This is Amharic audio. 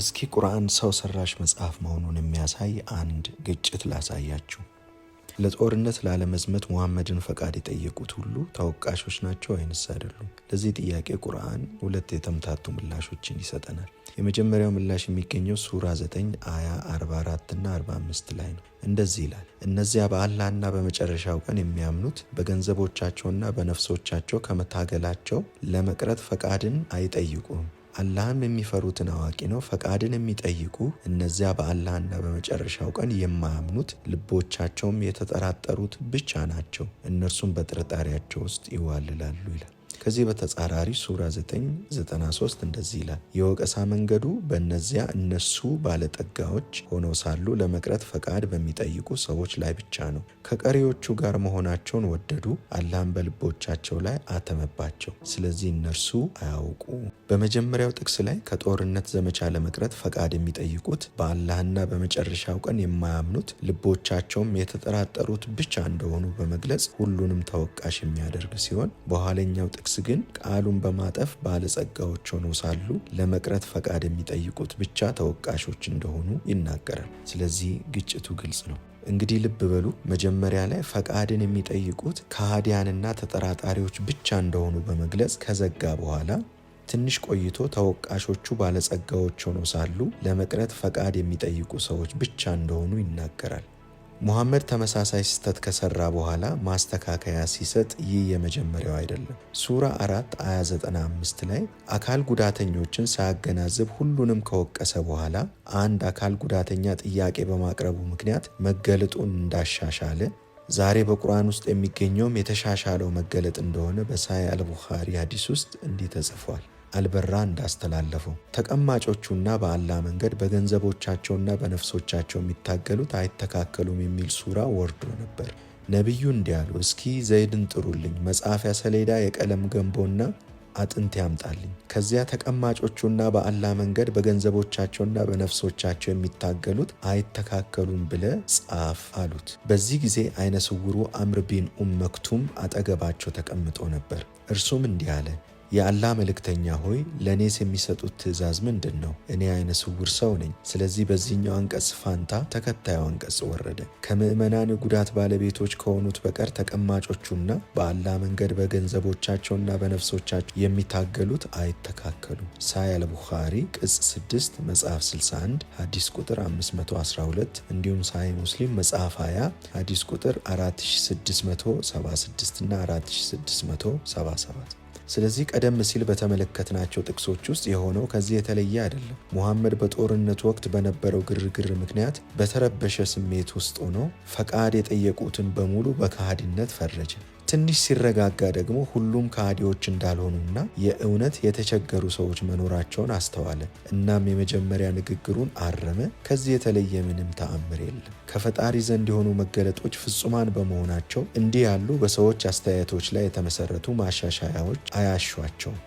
እስኪ ቁርአን ሰው ሰራሽ መጽሐፍ መሆኑን የሚያሳይ አንድ ግጭት ላሳያችሁ። ለጦርነት ላለመዝመት ሙሐመድን ፈቃድ የጠየቁት ሁሉ ተወቃሾች ናቸው ወይንስ አይደሉም? ለዚህ ጥያቄ ቁርአን ሁለት የተምታቱ ምላሾችን ይሰጠናል። የመጀመሪያው ምላሽ የሚገኘው ሱራ 9 አያ 44 እና 45 ላይ ነው። እንደዚህ ይላል፣ እነዚያ በአላህና በመጨረሻው ቀን የሚያምኑት በገንዘቦቻቸውና በነፍሶቻቸው ከመታገላቸው ለመቅረት ፈቃድን አይጠይቁም አላህም የሚፈሩትን አዋቂ ነው። ፈቃድን የሚጠይቁ እነዚያ በአላህና በመጨረሻው ቀን የማያምኑት ልቦቻቸውም የተጠራጠሩት ብቻ ናቸው። እነርሱም በጥርጣሬያቸው ውስጥ ይዋልላሉ ይላል። ከዚህ በተጻራሪ ሱራ 9:93 እንደዚህ ይላል፣ የወቀሳ መንገዱ በእነዚያ እነሱ ባለጠጋዎች ሆነው ሳሉ ለመቅረት ፈቃድ በሚጠይቁ ሰዎች ላይ ብቻ ነው። ከቀሪዎቹ ጋር መሆናቸውን ወደዱ፣ አላህም በልቦቻቸው ላይ አተመባቸው፣ ስለዚህ እነርሱ አያውቁ በመጀመሪያው ጥቅስ ላይ ከጦርነት ዘመቻ ለመቅረት ፈቃድ የሚጠይቁት በአላህና በመጨረሻው ቀን የማያምኑት ልቦቻቸውም የተጠራጠሩት ብቻ እንደሆኑ በመግለጽ ሁሉንም ተወቃሽ የሚያደርግ ሲሆን በኋለኛው ፊሊክስ ግን ቃሉን በማጠፍ ባለጸጋዎች ሆነው ሳሉ ለመቅረት ፈቃድ የሚጠይቁት ብቻ ተወቃሾች እንደሆኑ ይናገራል። ስለዚህ ግጭቱ ግልጽ ነው። እንግዲህ ልብ በሉ መጀመሪያ ላይ ፈቃድን የሚጠይቁት ከሃዲያንና ተጠራጣሪዎች ብቻ እንደሆኑ በመግለጽ ከዘጋ በኋላ ትንሽ ቆይቶ ተወቃሾቹ ባለጸጋዎች ሆነው ሳሉ ለመቅረት ፈቃድ የሚጠይቁ ሰዎች ብቻ እንደሆኑ ይናገራል። ሙሐመድ ተመሳሳይ ስህተት ከሰራ በኋላ ማስተካከያ ሲሰጥ ይህ የመጀመሪያው አይደለም። ሱራ 4 አያ 95 ላይ አካል ጉዳተኞችን ሳያገናዝብ ሁሉንም ከወቀሰ በኋላ አንድ አካል ጉዳተኛ ጥያቄ በማቅረቡ ምክንያት መገለጡን እንዳሻሻለ ዛሬ በቁርአን ውስጥ የሚገኘውም የተሻሻለው መገለጥ እንደሆነ በሳይ አልቡኻሪ ሀዲስ ውስጥ እንዲህ ተጽፏል። አልበራ እንዳስተላለፉ ተቀማጮቹና በአላ መንገድ በገንዘቦቻቸውና በነፍሶቻቸው የሚታገሉት አይተካከሉም የሚል ሱራ ወርዶ ነበር። ነቢዩ እንዲያሉ እስኪ ዘይድን ጥሩልኝ፣ መጻፊያ ሰሌዳ፣ የቀለም ገንቦና አጥንት ያምጣልኝ። ከዚያ ተቀማጮቹና በአላ መንገድ በገንዘቦቻቸውና በነፍሶቻቸው የሚታገሉት አይተካከሉም ብለ ጻፍ አሉት። በዚህ ጊዜ አይነ ስውሩ አምር ቢን ኡም መክቱም አጠገባቸው ተቀምጦ ነበር። እርሱም እንዲህ አለ የአላህ መልእክተኛ ሆይ ለእኔስ የሚሰጡት ትእዛዝ ምንድን ነው? እኔ አይነ ስውር ሰው ነኝ። ስለዚህ በዚህኛው አንቀጽ ፋንታ ተከታዩ አንቀጽ ወረደ። ከምዕመናን ጉዳት ባለቤቶች ከሆኑት በቀር ተቀማጮቹና በአላህ መንገድ በገንዘቦቻቸውና በነፍሶቻቸው የሚታገሉት አይተካከሉ ሳይ አልቡኻሪ ቅጽ 6 መጽሐፍ 61 ሐዲስ ቁጥር 512 እንዲሁም ሳይ ሙስሊም መጽሐፍ 20 ሐዲስ ቁጥር 4676 እና 4677 ስለዚህ ቀደም ሲል በተመለከትናቸው ጥቅሶች ውስጥ የሆነው ከዚህ የተለየ አይደለም። ሙሐመድ በጦርነት ወቅት በነበረው ግርግር ምክንያት በተረበሸ ስሜት ውስጥ ሆኖ ፈቃድ የጠየቁትን በሙሉ በካሃዲነት ፈረጀ። ትንሽ ሲረጋጋ ደግሞ ሁሉም ከሃዲዎች እንዳልሆኑና የእውነት የተቸገሩ ሰዎች መኖራቸውን አስተዋለ። እናም የመጀመሪያ ንግግሩን አረመ። ከዚህ የተለየ ምንም ተአምር የለም። ከፈጣሪ ዘንድ የሆኑ መገለጦች ፍጹማን በመሆናቸው እንዲህ ያሉ በሰዎች አስተያየቶች ላይ የተመሰረቱ ማሻሻያዎች አያሿቸውም።